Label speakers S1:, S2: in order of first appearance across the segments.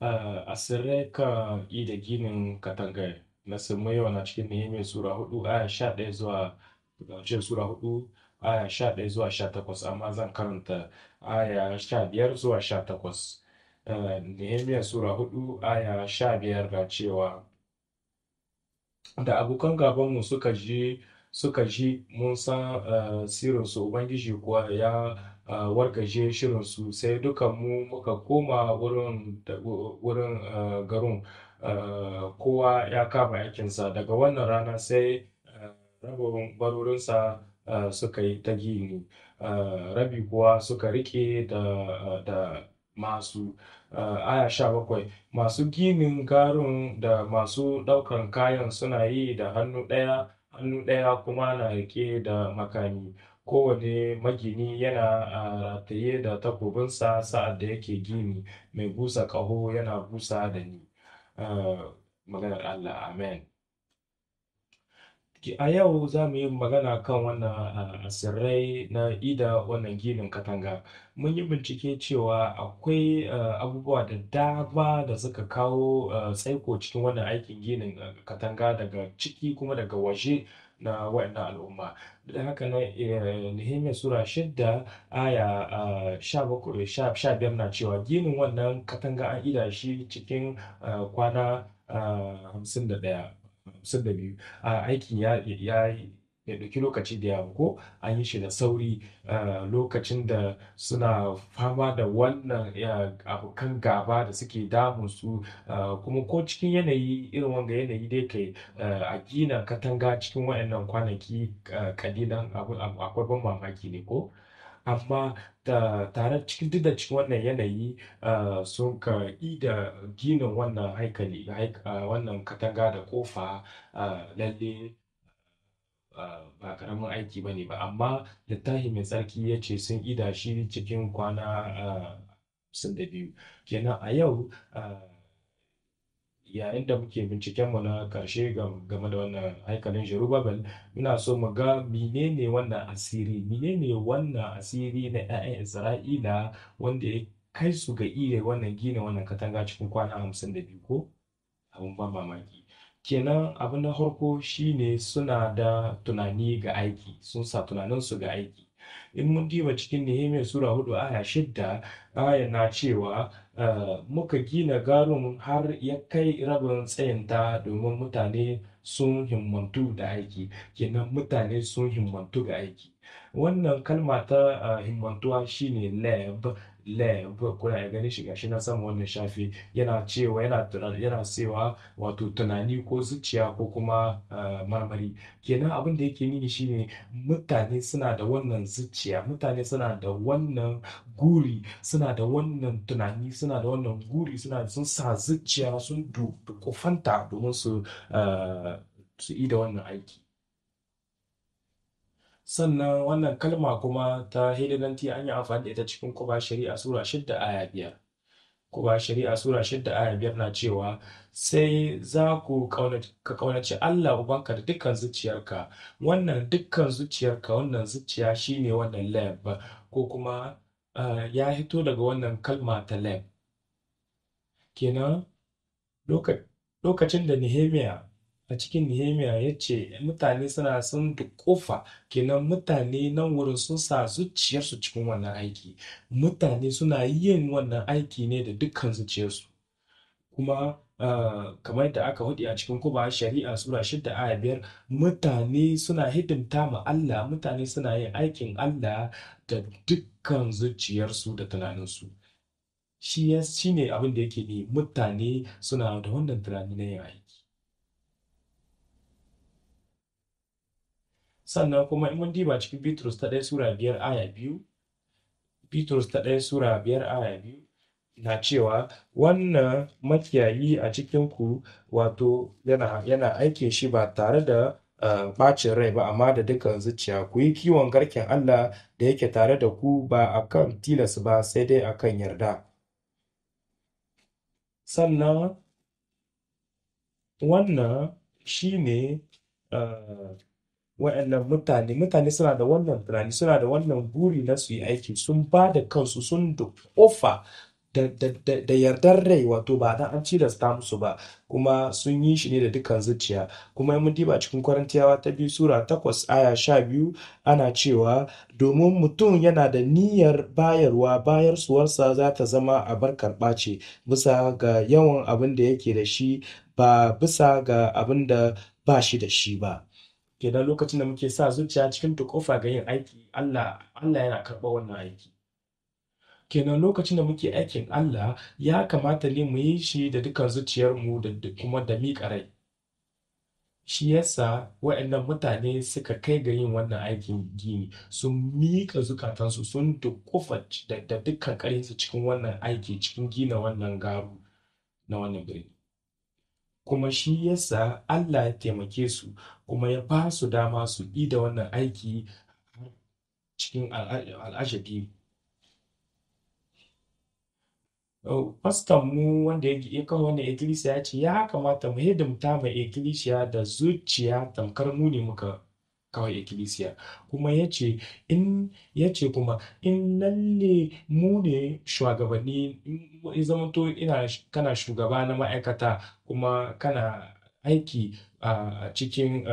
S1: Eh, a sirre kan yi da ginin katangar, na Simiyowa wana cikin Nehemiya Sura 4 aya sha zuwa Sura 4 aya sha daya zuwa sha takwas amma zan karanta aya sha biyar zuwa sha takwas. Eh, Nehemiya Sura 4 aya sha biyar cewa da abokan gabanmu suka ji suka ji mun san eh, sirrinsu Ubangiji kuwa ya wargaje shirin su sai mu muka koma wurin garin kowa ya kama aikinsa daga wannan rana sai rabin barorinsa suka yi ta gini rabi kuwa suka rike da, masu aya sha bakwai masu ginin garin da masu ɗaukan kayan suna yi da hannu ɗaya hannu ɗaya kuma na rike da makami kowane magini yana a rataye da takobinsa sa'ad da yake gini mai busa ƙaho yana busa da ni maganar Allah amen a yau za mu yi magana kan wannan asirrai na ida wannan ginin katanga mun yi bincike cewa akwai abubuwa da dama da suka kawo tsaiko cikin wannan aikin ginin katanga daga ciki kuma daga waje na wa'annan al'umma da haka nan eh, nihimiyar sura shidda aya ah, sha biyar na cewa ginin wannan katanga an ida shi cikin ah, kwana ah, hamsin da daya hamsin da biyu aikin ya ya ɗauki lokaci da yawa ko an yi shi da sauri eh, lokacin da suna fama da wannan abokan gaba da suke damun su eh, kuma ko cikin yanayi irin wanga yanayi dai kai eh, a gina katanga cikin wayannan kwanaki kalilan akwai ban mamaki ne ko amma da tare cikin duk da cikin wannan yanayi sun ka yi da ginin wannan haikali wannan katanga da kofa lalle ba karamin aiki ba ne ba amma littafi mai tsarki ya ce sun ida shi cikin kwana ah, hamsin da biyu kenan a yau ah, yayin da muke binciken mu na karshe game da wannan haikalin Jerubabel muna so mu ga menene wannan asiri menene wannan asiri na 'ya'yan Isra'ila wanda ya kai su ga iya wannan gina wannan katanga cikin kwana hamsin da biyu ko abin ban mamaki kenan abu na farko shine suna da tunani ga aiki sun sa tunaninsu ga aiki in mun diba cikin nehemiya sura hudu aya shidda aya na cewa eh, muka gina garin har ya kai rabin tsayinta domin mutane sun himmantu da aiki kenan mutane sun himmantu ga aiki wannan kalma ta eh, himmantuwa shine lab lab kula ya gani shi na saman wannan shafi yana cewa yana yana cewa wato tunani ko zuciya ko kuma eh, marmari kenan abin da yake nuni shine mutane suna da wannan zuciya mutane suna da wannan guri suna da wannan tunani suna da wannan guri suna sun sa zuciya sun kufanta domin su eh, su yi da wannan aiki sannan wannan kalma kuma ta hidinanti an yi amfani da ita cikin kuba shari'a sura shidda aya biyar kuba shari'a sura shidda aya biyar na cewa sai za ku ka kaunaci Allah ubanka da dukkan zuciyarka wannan dukkan zuciyarka wannan zuciya shine wannan lab ko kuma eh, ya hito daga wannan kalma ta lab kenan lokacin da Nehemiah a cikin Nehemiya ya ce mutane suna sun kofa kenan mutane nan wurin sun sa zuciyarsu cikin wannan aiki mutane suna yin wannan aiki ne da dukkan zuciyarsu kuma ah, kamar yadda aka hudi a cikin kuba shari'a sura shidda a biyar mutane suna hidimta ma Allah mutane suna yin aikin Allah da dukkan zuciyarsu da tunaninsu shi ne abin da yake ne mutane suna da wannan tunani na yin aiki sannan kuma in mun diba cikin bitrus ta ɗaya sura biyar aya biyu bitrus ta ɗaya sura biyar aya biyu na cewa wannan makiyayi a cikin ku wato yana, yana aike shi ba tare da eh, ɓacin rai ba amma da dukkan zuciya ku yi kiwon garken Allah da yake tare da ku ba a kan tilas ba sai dai a kan yarda sannan wannan shi ne uh, wa'annan mutane mutane suna da wannan tunani suna da wannan buri na su yi aiki sun ba da kansu sun da ofa da yardar rai wato ba dan an ta musu ba kuma sun yi shi ne da dukkan zuciya kuma mun diba cikin kwarantiyawa ta biyu sura takwas aya sha biyu ana cewa domin mutum yana da niyyar bayarwa bayar suwarsa za ta zama abar karɓa ce bisa ga yawan abin da yake da shi ba bisa ga abin da ba shi da shi ba kenan lokacin da muke sa zuciya cikin tukofa ga yin aiki Allah Allah yana karɓar wannan aiki kenan lokacin da muke aikin Allah ya kamata ne mu yi shi da dukan zuciyarmu da kuma da miƙa rai shi yasa waɗannan mutane suka kai ga yin wannan aikin gini sun miƙa zukatansu sun dukufa da dukkan su cikin wannan aiki cikin gina wannan garu na wannan birni kuma shi yasa Allah ya taimake su kuma ya ba su dama su yi da wannan aiki cikin al'ashadi fastan mu wanda ya kawo wannan ikkilisiya ya ce ya kamata mu hidimta mai ikilisiya da zuciya tamkar mu ne muka kawai ikkilisiya kuma ya ce in ya ce kuma in lalle mu ne shugabanni in zamanto ina kana shugaba na ma'aikata kuma kana aiki a cikin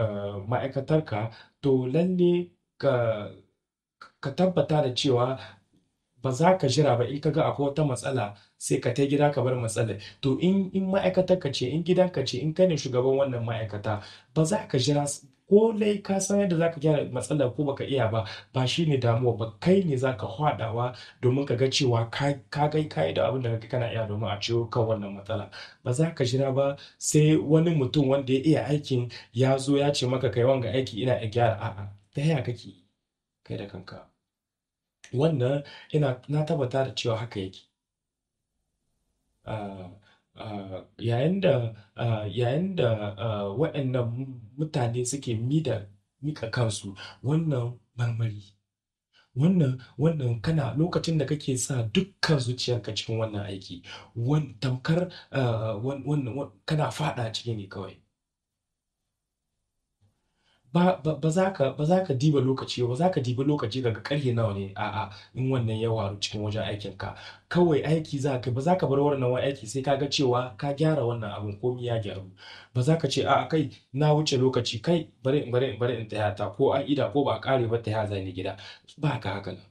S1: ma'aikatarka to lalle ka ka tabbata da cewa ba za ka jira ba in ka ga akwai wata matsala sai ka ta gida ka bar matsala to in in ma'aikatar ka ce in gidan ka ce in kai ne shugaban wannan ma'aikata ba za ka jira ko dai ka san yadda zaka gyara matsalar ko baka iya ba ba ne damuwa ba kai ne zaka hwadawa domin ka ga cewa ka ga kai da abin da kai kana iya domin a ciwo kan wannan matsala ba za ka jira ba sai wani mutum wanda ya iya aikin ya zo ya ce maka kai wanga aiki ina iya gyara a'a ta yaya kake kai da kanka wannan ina na tabbata da cewa haka yake ah, yayin da yayin da waɗannan mutane suke mida miƙa kansu wannan marmari wannan wannan kana lokacin da kake sa dukkan zuciyarka cikin wannan aiki tamkar kana faɗa ciki ne kawai ba, za ka diba lokaci ba za ka diba lokaci daga karye nawa ne a'a in wannan ya cikin wajen aikin ka kawai aiki za ka ba za ka bar wannan wani aiki sai ka ga cewa ka gyara wannan abin komi ya gyaru ba za ka ce a kai na wuce lokaci kai bari in bari in bari in taya ta ko an ida ko ba a kare ba ta ya ni gida ba ka haka nan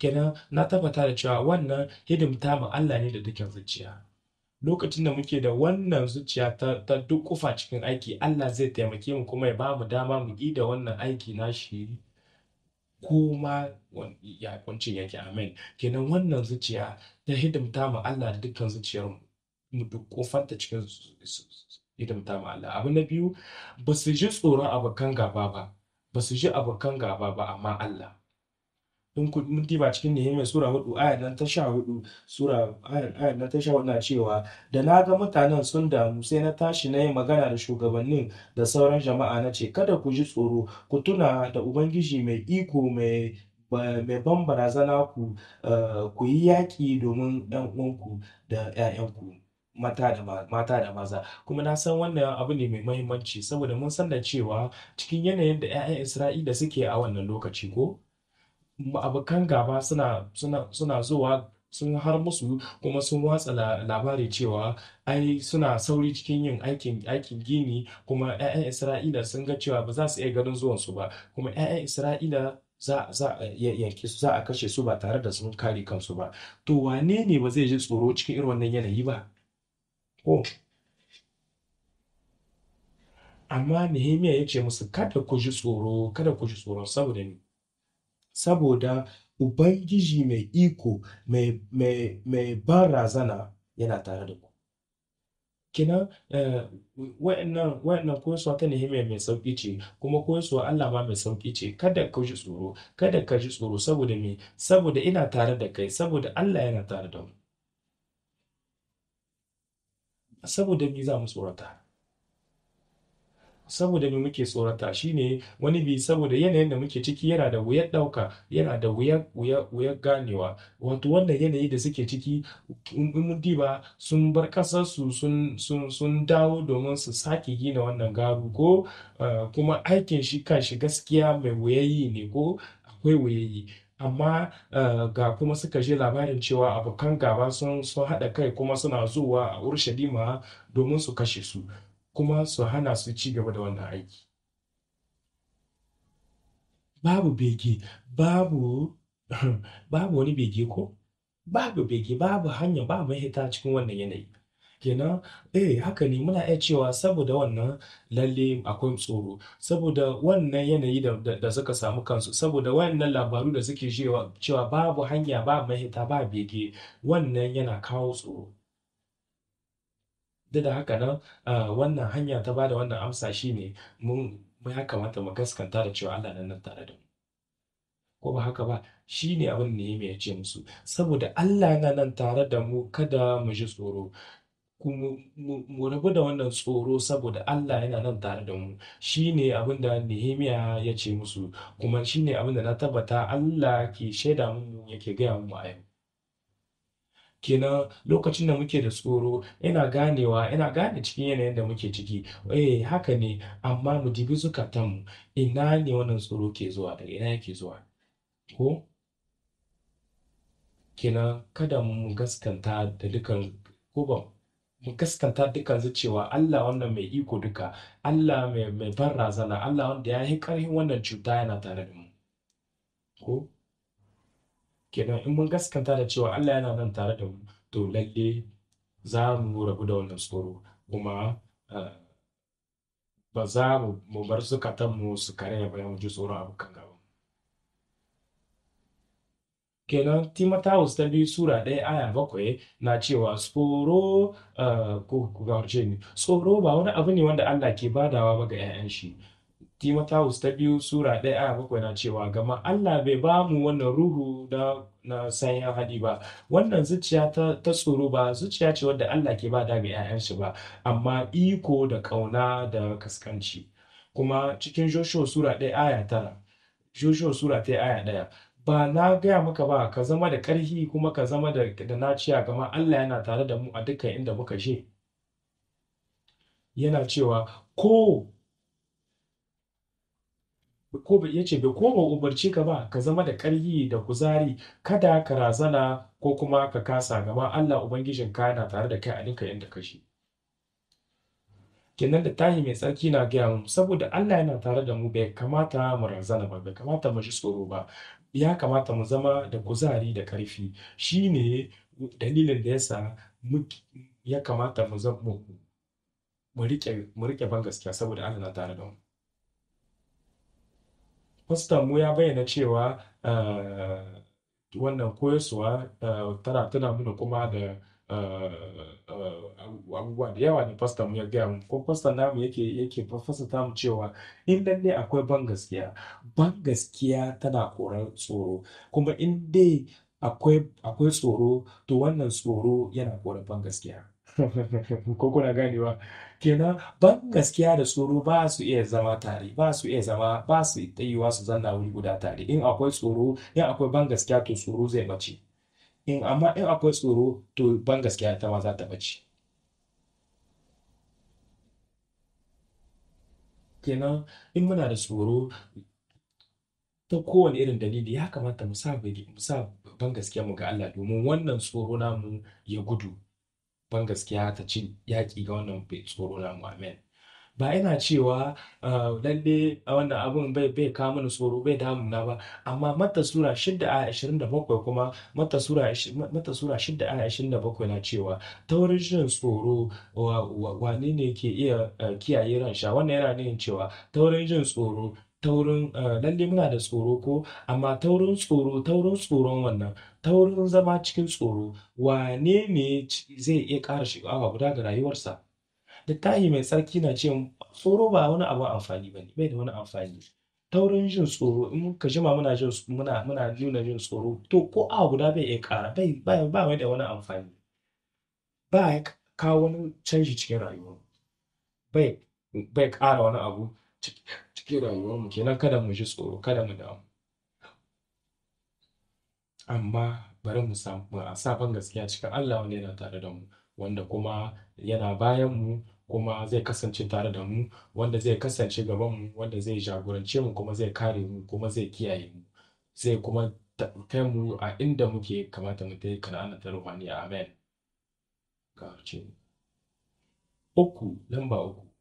S1: kenan na tabbata da cewa wannan hidimta ma Allah ne da dukkan zuciya lokacin da muke da wannan zuciya ta, ta kufa cikin aiki Allah zai taimake mu kuma ya ba mu dama mu yi da wannan aiki nashi kuma ya kuncin yake amen kenan wannan zuciya ta hidimta mu Allah da dukkan zuciyar mu duk cikin hidimta mu Allah abu na biyu ba su ji tsoron abokan gaba ba ba su ji abokan gaba ba amma Allah in ku mun diba cikin mai sura hudu ayar nan ta sha hudu sura ayar nan ta sha hudu na cewa da na ga mutanen sun damu sai na tashi na yi magana da shugabannin da sauran jama'a na ce kada ku ji tsoro ku tuna da ubangiji mai iko mai mai ban barazana ku eh, ku yi yaƙi domin ɗan uwanku da 'ya'yanku mata da maza kuma na san wannan abu ne mai mahimmanci saboda mun san da cewa cikin yanayin da 'ya'yan isra'ila suke a wannan lokaci ko abokan gaba suna suna suna zuwa sun har musu kuma sun watsa labari cewa ai suna sauri cikin yin aikin aikin gini kuma 'ya'yan isra'ila sun ga cewa ba za su iya ganin zuwansu ba kuma 'ya'yan isra'ila za a yanke su kashe su ba tare da sun kare kansu ba to wane ne ba zai ji tsoro cikin irin wannan yanayi ba oh. amma nehemiya ya ce musu kada ku ji tsoro kada ku ji tsoro saboda ni saboda Ubangiji mai iko mai ban razana yana tare da ku. Kinan eh, wa'annan koyarsuwa ta Nehemiya mai sauƙi ce kuma koyarsuwa Allah ma mai sauƙi ce kada ka ji tsoro kada ka ji tsoro saboda me saboda ina tare da kai saboda Allah yana tare da mu. Saboda me za mu tsorata? saboda me muke tsorata shine wani bi saboda yanayin da muke ciki yana da wuyar ɗauka yana da wuyar ganewa wato wannan yanayi da suke ciki in mun diba sun bar ƙasarsu sun dawo domin su sake gina wannan garu ko eh, kuma aikin shi kan shi gaskiya mai wuyayi ne ko akwai wuyayi amma eh, ga kuma suka je labarin cewa abokan gaba sun haɗa kai kuma suna zuwa a urushalima domin su kashe su kuma su hana su ci gaba da wannan aiki babu bege babu babu wani bege ko babu bege babu hanya babu mahita cikin wannan yanayi kenan eh haka ne muna iya cewa saboda wannan lalle akwai tsoro saboda wannan yanayi da, suka samu kansu saboda wannan labaru da suke cewa babu hanya babu mahita ba bege wannan yana kawo tsoro duk da haka nan wannan hanya ta bada wannan amsa shine mun ya kamata mu gaskanta da cewa Allah nan tare da mu ko ba haka ba shi ne abin da ya ya ce musu saboda Allah yana nan tare da mu kada mu ji tsoro mu rabu da wannan tsoro saboda Allah yana nan tare da mu shi ne abin da Nehemiya ya ce musu kuma shi ne abin da na tabbata Allah ke shaida mu yake gaya mu a yau kenan lokacin da muke da tsoro ina ganewa ina gane cikin yanayin da muke ciki eh haka ne amma mu dibi zukatanmu ina ne wannan tsoro ke zuwa daga ina yake zuwa ko kenan kada mu gaskanta da dukan ko mu gaskanta dukan cewa Allah wannan mai iko duka Allah mai mai ban Allah wanda ya yi karhin wannan cuta yana tare da mu ko kenan in mun gaskanta da cewa Allah yana nan tare da mu to lalle za mu rabu da wannan tsoro kuma eh, ba za mu bar mu su kare ba ya ji tsoron abokan gaba kenan Timotheus ta biyu sura daya aya bakwai na cewa tsoro ko eh, ku tsoro ba wani abu ne wanda Allah ke badawa ba ga 'ya'yan shi Timotawus ta biyu Sura ɗaya aya bakwai na cewa gama Allah bai ba mu wannan ruhu na na sanya hadi ba wannan zuciya ta, tsoro ba zuciya ce wadda Allah ke ba da ga yayansu ba amma iko da ƙauna da kaskanci kuma cikin Joshua Sura ɗaya aya tara Joshua Sura ɗaya aya ɗaya ba na gaya maka ba ka zama da ƙarfi kuma ka zama da, da naciya gama Allah yana tare da mu a dukkan inda muka je yana cewa ko ko ya ce ko ba umarci ka ba ka zama da ƙarfi da kuzari kada ka razana ko kuma ka kasa gama Allah ubangijin ka yana tare da kai a duka inda ka shi kenan da tahi mai tsarki na gaya mu saboda Allah yana tare da mu bai kamata mu razana ba bai kamata mu ji tsoro ba ya kamata mu zama da kuzari da ƙarfi shine dalilin da yasa ya kamata mu mu rike ban gaskiya saboda Allah na tare da mu Fasto mu ya bayyana cewa eh, wannan koyarwa eh, tana tana nuna kuma da eh, abubuwa da yawa ne fastan mu ya gaya mu ko fastan namu yake yake fasata mu cewa in lalle akwai ban gaskiya ban gaskiya tana koran tsoro kuma in dai akwai tsoro to wannan tsoro yana korar ban gaskiya ko kuna ganewa kenan ban gaskiya da tsoro ba su iya zama tare ba su iya zama ba su tsayuwa su zanna wuri guda tare in akwai tsoro in akwai ban gaskiya to tsoro zai bace in amma in akwai tsoro to ban gaskiya ta ma za ta bace kenan in muna da tsoro ta kowane irin dalili ya kamata mu sa ban gaskiya mu ga Allah domin wannan tsoro namu ya gudu ban gaskiya ta ci yaƙi ga wannan bai tsoro na mu amen ba ina cewa ah, lalle wannan abin bai bai kawo mini tsoro bai damu na ba amma mata sura 6 a 27 kuma mata sura mata sura 6 a 27 na cewa ta wurin jin tsoro wa ne ke iya eh, kiyaye ransha wannan yana nuna cewa ta wurin jin tsoro taurin eh, lalle muna da tsoro ko amma taurin tsoro taurin tsoron wannan taurin zama cikin tsoro wane ne zai iya ƙara sha'awa guda ga rayuwarsa littafi mai tsarki na ce tsoro ba wani abu amfani ba ne bai da wani amfani taurin jin tsoro in ka jima muna jin muna muna nuna jin tsoro to ko a guda bai iya ƙara bai ba mai da wani amfani ba ya kawo wani canji cikin rayuwa bai bai ƙara wani abu cikin rayuwarmu kenan kada mu ji tsoro kada mu damu amma bari mu samu a sabon gaskiya cikin Allah wanda yana tare da mu wanda kuma yana bayan mu kuma zai kasance tare da mu wanda zai kasance gaban mu wanda zai jagorance mu kuma zai kare mu kuma zai kiyaye mu zai kuma kai mu a inda muke kamata mu kai kana'ana ta ruhaniya amen uku lamba uku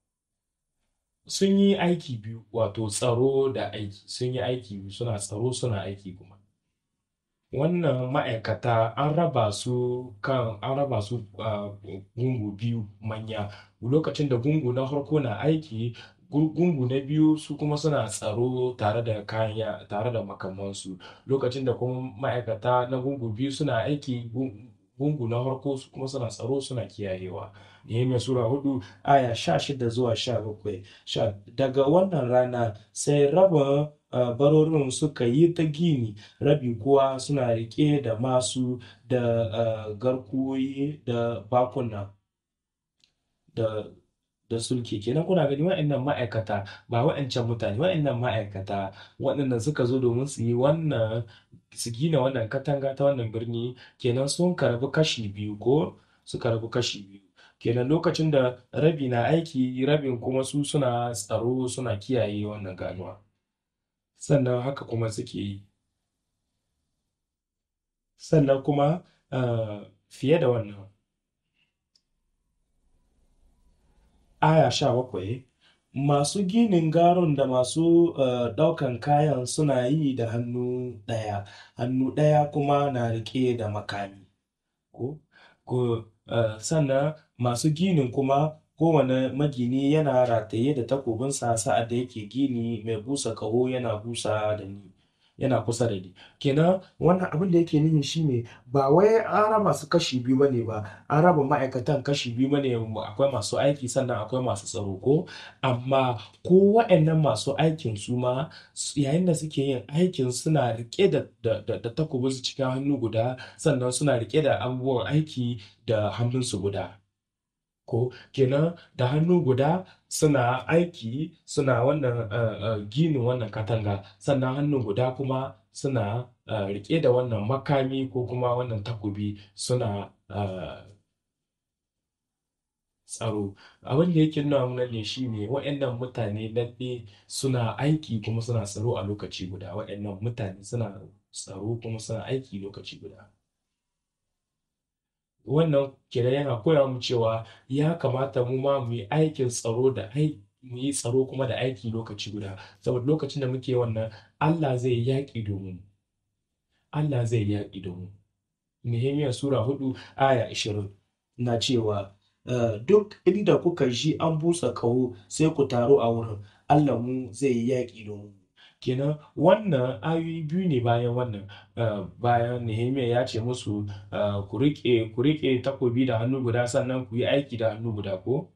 S1: sun yi aiki biyu wato tsaro da aiki sun yi aiki biyu suna tsaro suna aiki kuma wannan ma'aikata an raba su kan an raba su gungu biyu manya lokacin da gungu na farko na aiki gungu na biyu su kuma suna tsaro tare da kaya tare da makamansu lokacin da kuma ma'aikata na gungu biyu suna aiki gungu na farko su kuma suna tsaro suna kiyayewa nehemiya sura hudu aya sha shida zuwa sha bakwai daga wannan rana sai raba barorin suka yi ta gini rabi kuwa suna rike da masu da garkuwoyi da bakuna da sulki kenan kuna gani wa'annan ma'aikata ba wa'ancan mutane wa'annan ma'aikata waɗanda suka zo domin su yi wannan su gina wannan katanga ta wannan birni kenan sun karbi kashi biyu ko su rabu kashi biyu kenan lokacin da rabi na aiki rabin kuma su suna tsaro suna kiyaye wannan ganuwa sannan haka kuma suke yi sannan kuma ah, fiye da wannan aya sha bakwai masu ginin garon da masu eh, ɗaukan kayan suna yi da hannu ɗaya hannu ɗaya kuma na riƙe da makami ko eh, sannan masu ginin kuma kowane magini yana rataye da takobinsa sa'ad da yake gini mai busa kaho yana busa da ni yana kusa da ni kenan wannan abin da yake shi shine ba wai ara masu kashi biyu bane ba an raba ma'aikatan kashi biyu bane akwai masu aiki sannan akwai masu tsaro ko amma ko wa'annan masu aikin su ma yayin da suke yin aikin suna rike da da takobin su cikin hannu guda sannan suna rike da abubuwan aiki da hannunsu guda ko kenan da hannu guda suna aiki suna wannan eh, eh, ginin wannan katanga sannan hannu guda kuma suna eh, rike da wannan makami ko kuma wannan takobi suna tsaro abin da yake nuna mana ne shine waɗannan mutane lalle suna aiki kuma suna tsaro a lokaci guda waɗannan mutane suna tsaro kuma suna aiki lokaci guda wannan kenan yana koya mu cewa ya kamata mu ma mu yi aikin tsaro da mu yi tsaro kuma da aiki lokaci guda saboda lokacin da muke wannan Allah zai yaƙi domin Allah zai yaƙi domin Nehemiya sura 4, aya ashirin na cewa eh, duk inda kuka ji an busa kawo sai ku taro a wurin Allah mu zai yaƙi domin kenan wannan ayoyi biyu ne bayan wannan eh, bayan nehemiya ya ce musu eh, ku riƙe ku riƙe takobi da hannu guda sannan ku yi aiki da hannu guda ko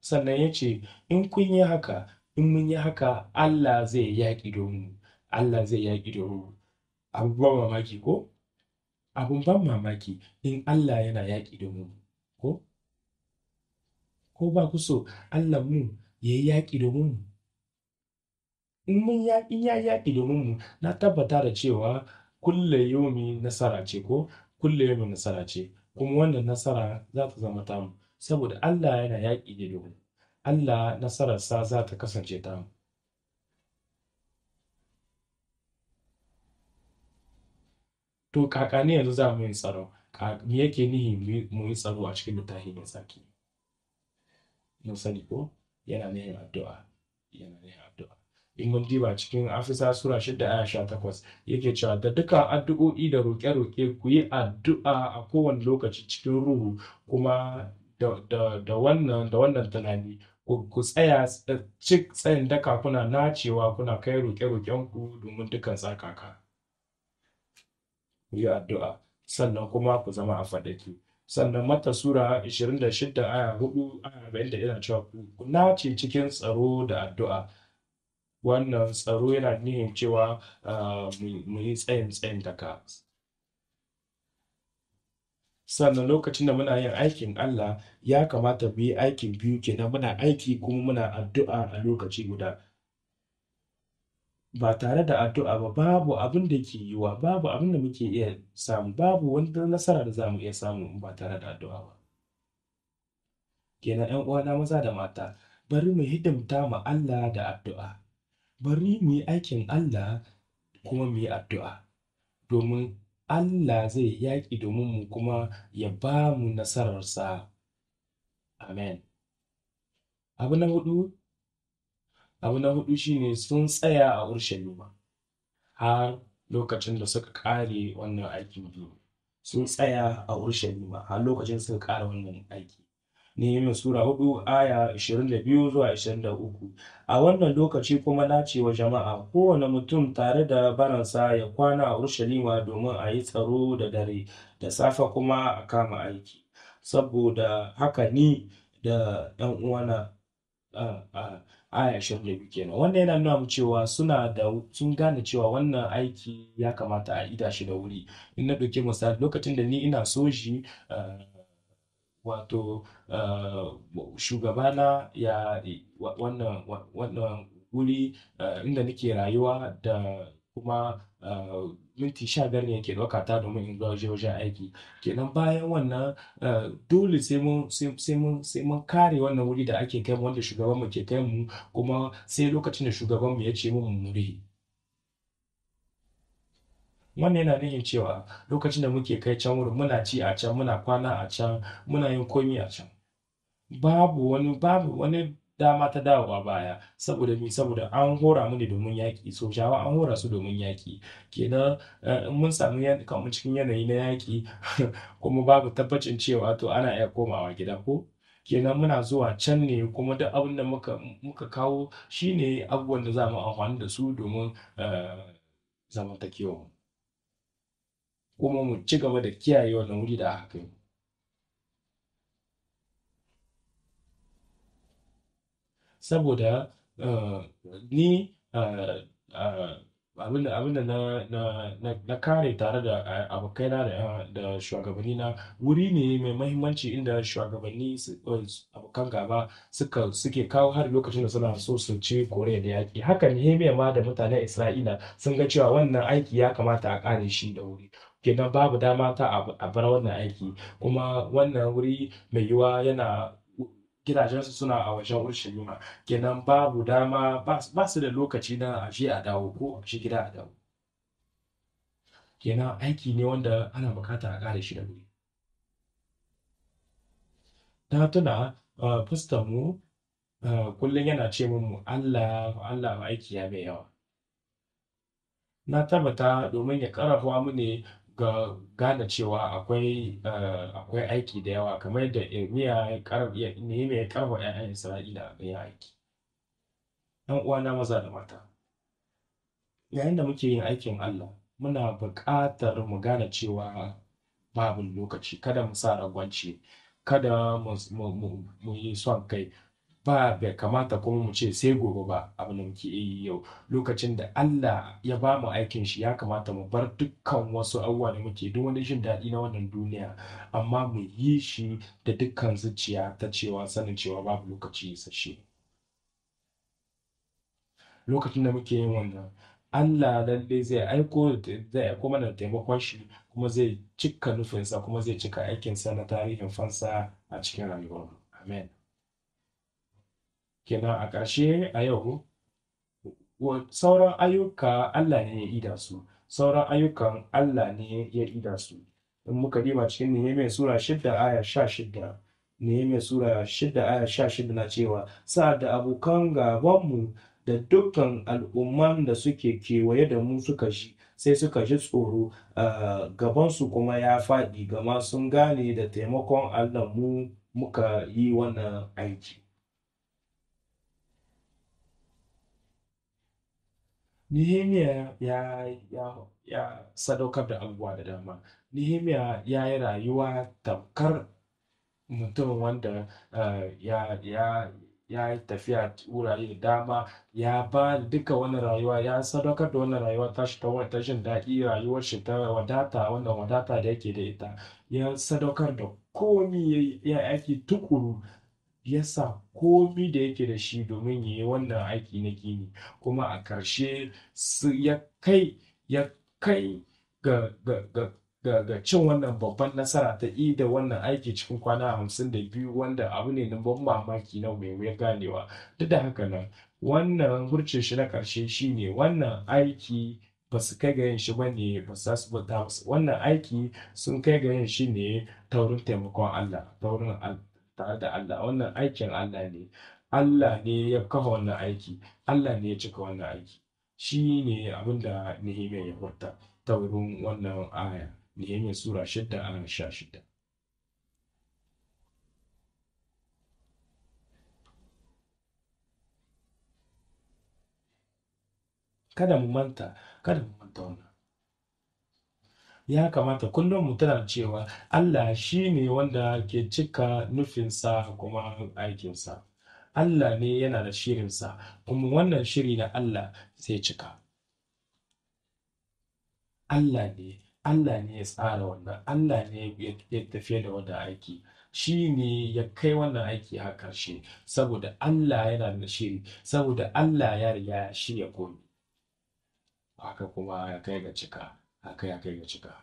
S1: sannan ya ce in kun yi haka in mun yi haka allah zai yaƙi mu allah zai yaƙi mu abubuwan mamaki ko abubuwan ban mamaki in Allah yana yaƙi da mu ko ko ba ku so Allah mu ya yi yaƙi da mu in mun ya in ya yaƙi domin mu na tabbata da cewa kulle yomi nasara ce ko kulle yomi nasara ce kuma wannan nasara za ta zama tamu saboda Allah yana yaƙi ne domin Allah nasararsa za ta kasance tamu to kaka yanzu za mu yi tsaro me yake nihi mu yi tsaro a cikin littafi mai tsarki mun sani ko yana nihin addu'a yana nihin addu'a in ba diba cikin afisa sura 6 aya 18 yake cewa da dukkan addu'o'i da roƙe-roƙe ku yi addu'a a kowane lokaci cikin ruhu kuma da wannan da wannan tunani ku tsaya cik tsayin daka kuna nacewa kuna kai roƙe roƙenku domin dukkan tsakaka ku yi addu'a sannan kuma ku zama a faɗaki sannan mata sura 26 aya 4 aya 40 cewa ku nace cikin tsaro da addu'a wannan tsaro yana nihin cewa ah, mu yi tsayin tsayin daka sannan lokacin da muna yin aikin Allah ya kamata mu yi aikin biyu kenan muna aiki kuma muna addu'a a lokaci guda ba tare da addu'a ba babu abin da ke yiwa, babu abin da muke iya samu babu wani nasara da za mu iya samu ba tare da addu'a ba kenan 'yan uwana maza da mata bari mu hidimta ma Allah da addu'a bari mu yi aikin Allah kuma mu yi addu'a domin Allah zai yaƙi domin mu kuma ya ba mu nasararsa. Amen. Abu na hudu Abu na hudu shine sun tsaya a Urshalima har lokacin da suka ƙare wannan aikin biyu. Sun tsaya a Urshalima har lokacin suka ƙara wannan aiki. Nehemiya Sura 4 aya 22 zuwa 23. A wannan lokaci kuma na ce wa jama'a kowane mutum tare da baransa ya kwana a Urushalima domin a yi tsaro da dare, da safe kuma a kama aiki. Saboda haka ni da ‘yan uwana aya 22 kenan. Wannan yana nuna mu cewa suna da sun gane cewa wannan aiki ya kamata a ida shi da wuri. In na ɗauki misali lokacin da ni ina soji wato eh, shugabana ya wannan wannan wuri eh, inda nake rayuwa da kuma eh, minti sha biyar ne yake ɗauka ta domin in zuwa waje wajen aiki kenan bayan wannan dole sai mun kare wannan wuri da ake kai mu wanda shugaban mu ke kai mu kuma sai lokacin da shugaban mu ya ce mun mu mure wannan yana nufin cewa lokacin da muke kai can wurin muna ci a can muna kwana a can muna yin komi a can babu wani babu wani dama ta dawowa baya saboda mi saboda an hora mu ne domin yaƙi sojawa an hora su domin yaki kenan eh, mun samu kamar cikin yanayi na yaki kuma babu tabbacin cewa to ana iya komawa gida ko kenan muna zuwa can ne kuma duk abin da muka muka kawo shine abubuwan da za mu amfani da su domin eh, zamantakewa kuma mu ci gaba da kiyaye wannan wuri da aka kai saboda eh, ni eh, eh, abinda na kare tare da abokaina da shugabanni na wuri ne mai mahimmanci inda shugabanni abokan gaba suke kawo har lokacin da suna so su ci koriya da yaƙi hakan nehemiya ma da mutanen isra'ila sun ga cewa wannan aiki ya kamata a kare shi da wuri kenan babu dama ta a bar wannan aiki kuma wannan wuri mai yiwuwa yana gidajensu suna a wajen urshima kenan babu dama ba su da lokaci na a a dawo ko a gida a dawo kenan aiki ne wanda ana bukata a kare shi da wuri ta tuna fustan mu kullum yana ce mu Allah Allah aiki ya mai yawa na tabbata domin ya karafa mu ne ga gane cewa akwai eh, akwai aiki da yawa kamar yadda Irmiya ya karba ya karba ƴaƴan Isra'ila a kan aiki ɗan uwana maza da mata yayin da muke yin aikin Allah muna buƙatar mu gane cewa babu lokaci kada mu sa ragwanci kada mu yi son kai ba bai kamata kuma mu ce sai gobe ba abin da muke yi yau lokacin da Allah ya ba mu aikin shi ya kamata mu bar dukkan wasu abubuwa da muke duk wani jin daɗi na wannan duniya amma mu yi shi da dukkan zuciya ta cewa sanin cewa babu lokaci isasshe lokacin da muke yin wannan Allah lalle zai aiko zai aiko mana taimakon shi kuma zai cika nufinsa kuma zai cika aikinsa na tarihin fansa a cikin rayuwar amen kenan a ƙarshe a yau sauran ayyuka Allah ne ya ida su sauran ayyukan Allah ne ya ida su in muka dima cikin Nehemiya sura 6 aya 16 Nehemiya sura 6 aya 16 na cewa sa'ad da abokan gabanmu da dukkan al'umman da suke kewaye da mu suka shi sai suka ji tsoro gabansu kuma ya faɗi gama sun gane da taimakon Allah mu muka yi wannan aiki nihimiya ya, ya, ya sadaukar da abubuwa da dama. nihimiya ya yi rayuwa tamkar mutum wanda eh, ya, ya, ya yi tafiya wurare da dama ya ba duka wani rayuwa ya sadaukar da wani rayuwa ta shi ta jin daɗi rayuwar shi ta wadata wannan wadata da yake da ita ya sadaukar da komi ya aiki tukuru ya sa komi da yake da shi domin ya yi wannan aiki na gini kuma a ƙarshe ya kai ya kai ga, cin wannan babban nasara ta yi da wannan aiki cikin kwana hamsin da biyu wanda abu ne na ban mamaki na mai wuya ganewa duk da haka nan wannan hurce shi na ƙarshe ne wannan aiki ba su kai ga yin shi ba ne ba su su wannan aiki sun kai ga yin shi ne taurin taimakon Allah taurin tare da Allah wannan aikin Allah ne Allah ne ya kafa wannan aiki Allah ne ya cika wannan aiki shi ne abin da Nehemiya ya furta ta wurin wannan aya Nehemiya sura 6 a sha kada mu manta kada mu manta wannan ya kamata kullum mu tana cewa Allah shi ne wanda ke cika nufinsa kuma aikinsa Allah ne yana da shirinsa kuma wannan shiri na Allah sai cika Allah ne Allah ne ya tsara wannan Allah ne ya tafiye da wanda aiki shi ne ya kai wannan aiki a ƙarshe saboda Allah yana da shiri saboda Allah ya riga ya komi haka kuma ya kai ga cika haka kai ah, ga cika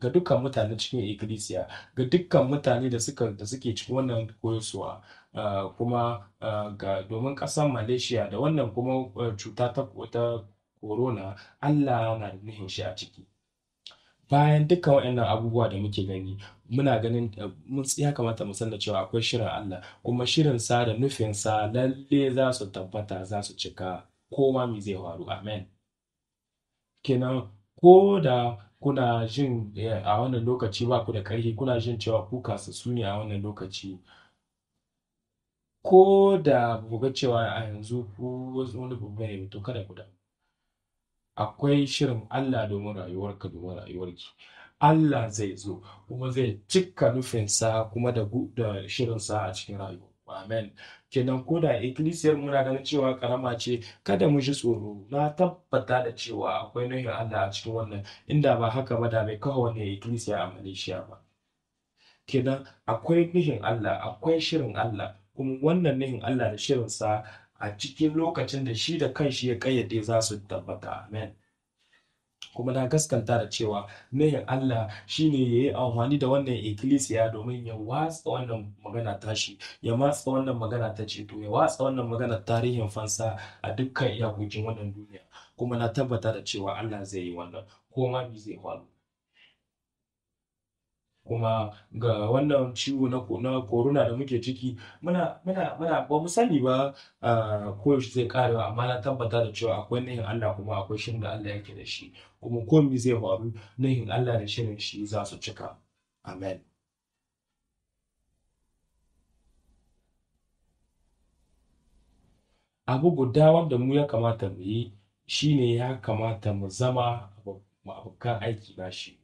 S1: ga dukkan mutane cikin ikkilisiya ga dukkan mutane da suke cikin wannan koyosuwa ah, kuma ah, ga domin ƙasar malaysia da wannan kuma cuta ta korona allah na da nuhin shi a ciki bayan dukkan waɗannan abubuwa da muke gani muna ganin eh, ya kamata mu san da cewa akwai shirin Allah kuma shirin sa da nufin sa lalle za su tabbata za su cika koma mi zai faru amen kenan ko da kuna jin eh, a wannan lokaci ba ku da ƙarfi kuna jin cewa ku su ne a wannan lokaci ko da ku ga cewa a yanzu ku wani babban ne to kada ku damu akwai shirin Allah domin rayuwarka domin rayuwarki Allah zai zo kuma zai cika nufinsa kuma da shirin shirinsa a cikin rayuwa amen kenan ko da ikkilisiyar muna ganin cewa karama ce kada mu ji tsoro na tabbata da cewa akwai nuhin Allah a cikin wannan inda ba haka ba da bai kawo wani ikkilisiyar a Malaysia ba kenan akwai nuhin Allah akwai shirin Allah kuma wannan nuhin Allah da shirinsa a cikin lokacin da shi da kanshi ya kayyade za su tabbata amen kuma na gaskanta da cewa nayin Allah shine ya yi amfani da wannan ikkilisiya domin ya watsa wannan magana tashi ya matsa wannan magana ta ceto ya watsa wannan magana tarihin fansa a dukkan iyakokin wannan duniya kuma na tabbata da cewa Allah zai yi wannan ko ma zai faru kuma ga wannan ciwo na corona da muke ciki muna ba mu sani ba koyaushe zai karewa amma na tabbata da cewa akwai nahin Allah kuma akwai shirin da Allah yake da shi kuma komi zai faru nahin Allah da shirin shi za su cika amen abu guda wanda mu ya kamata mu yi ne ya kamata mu zama abokan aiki ba shi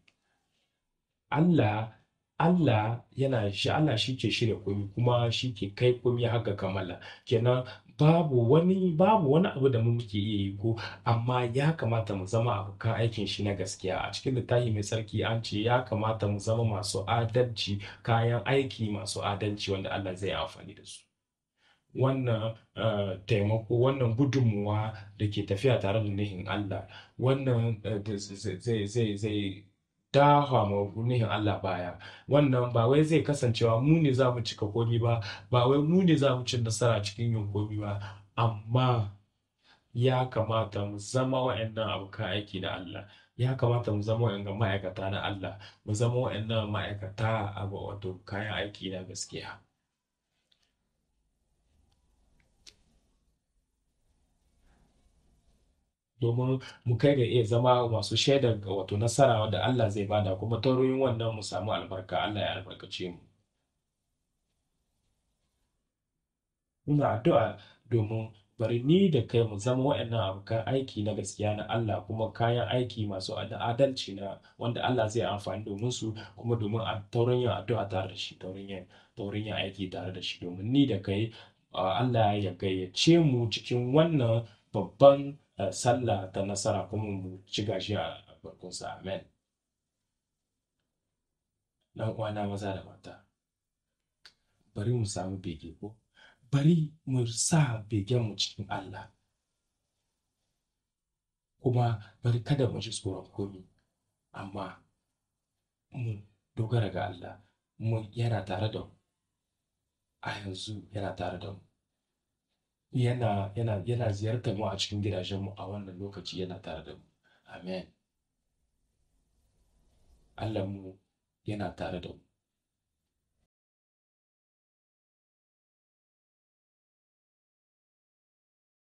S1: Allah Allah yana shi Allah shi ke shirya komai kuma shi ke kai komai haka ga kamala kenan babu wani babu wani abu da mu muke iya yi ko amma ya kamata mu zama abokan aikin shi na gaskiya a cikin littafi mai sarki an ce ya kamata mu zama masu adalci kayan aiki masu adalci wanda Allah zai amfani da su wannan eh, taimako wannan gudunmuwa da ke tafiya tare da nihin Allah wannan eh, zai zai zai ta hama nihin Allah baya wannan ba wai zai kasancewa mu ne za mu cika komi ba ba wai mu ne za mu ci nasara cikin yin komi ba amma ya kamata mu zama wa'annan abokan aiki da Allah ya kamata mu zama wa'annan ma'aikata na Allah mu zama wa'annan ma'aikata a wato kayan aiki na gaskiya domin mu kai ga iya zama masu shaidar ga wato nasara da Allah zai bada kuma ta ruyin wannan mu samu albarka Allah ya albarkace mu ina addu'a domin bari ni da kai mu zama waɗannan abokan aiki na gaskiya na Allah kuma kayan aiki masu adalci na wanda Allah zai amfani domin su kuma domin a taurin yin addu'a tare da shi taurin yin taurin yin aiki tare da shi domin ni da kai Allah ya gayyace mu cikin wannan babban sallah ta nasara kuma mu ci gashi a barkunsa amen dan uwana maza da mata bari mu samu bege ko bari mu sa begen mu cikin Allah kuma bari kada mu ji tsoron komi amma mu dogara ga Allah mu yana tare da mu a yanzu yana tare da mu yana yana yana ziyartar mu a cikin gidajen mu a wannan lokaci yana tare da mu amen Allahnmu yana tare da mu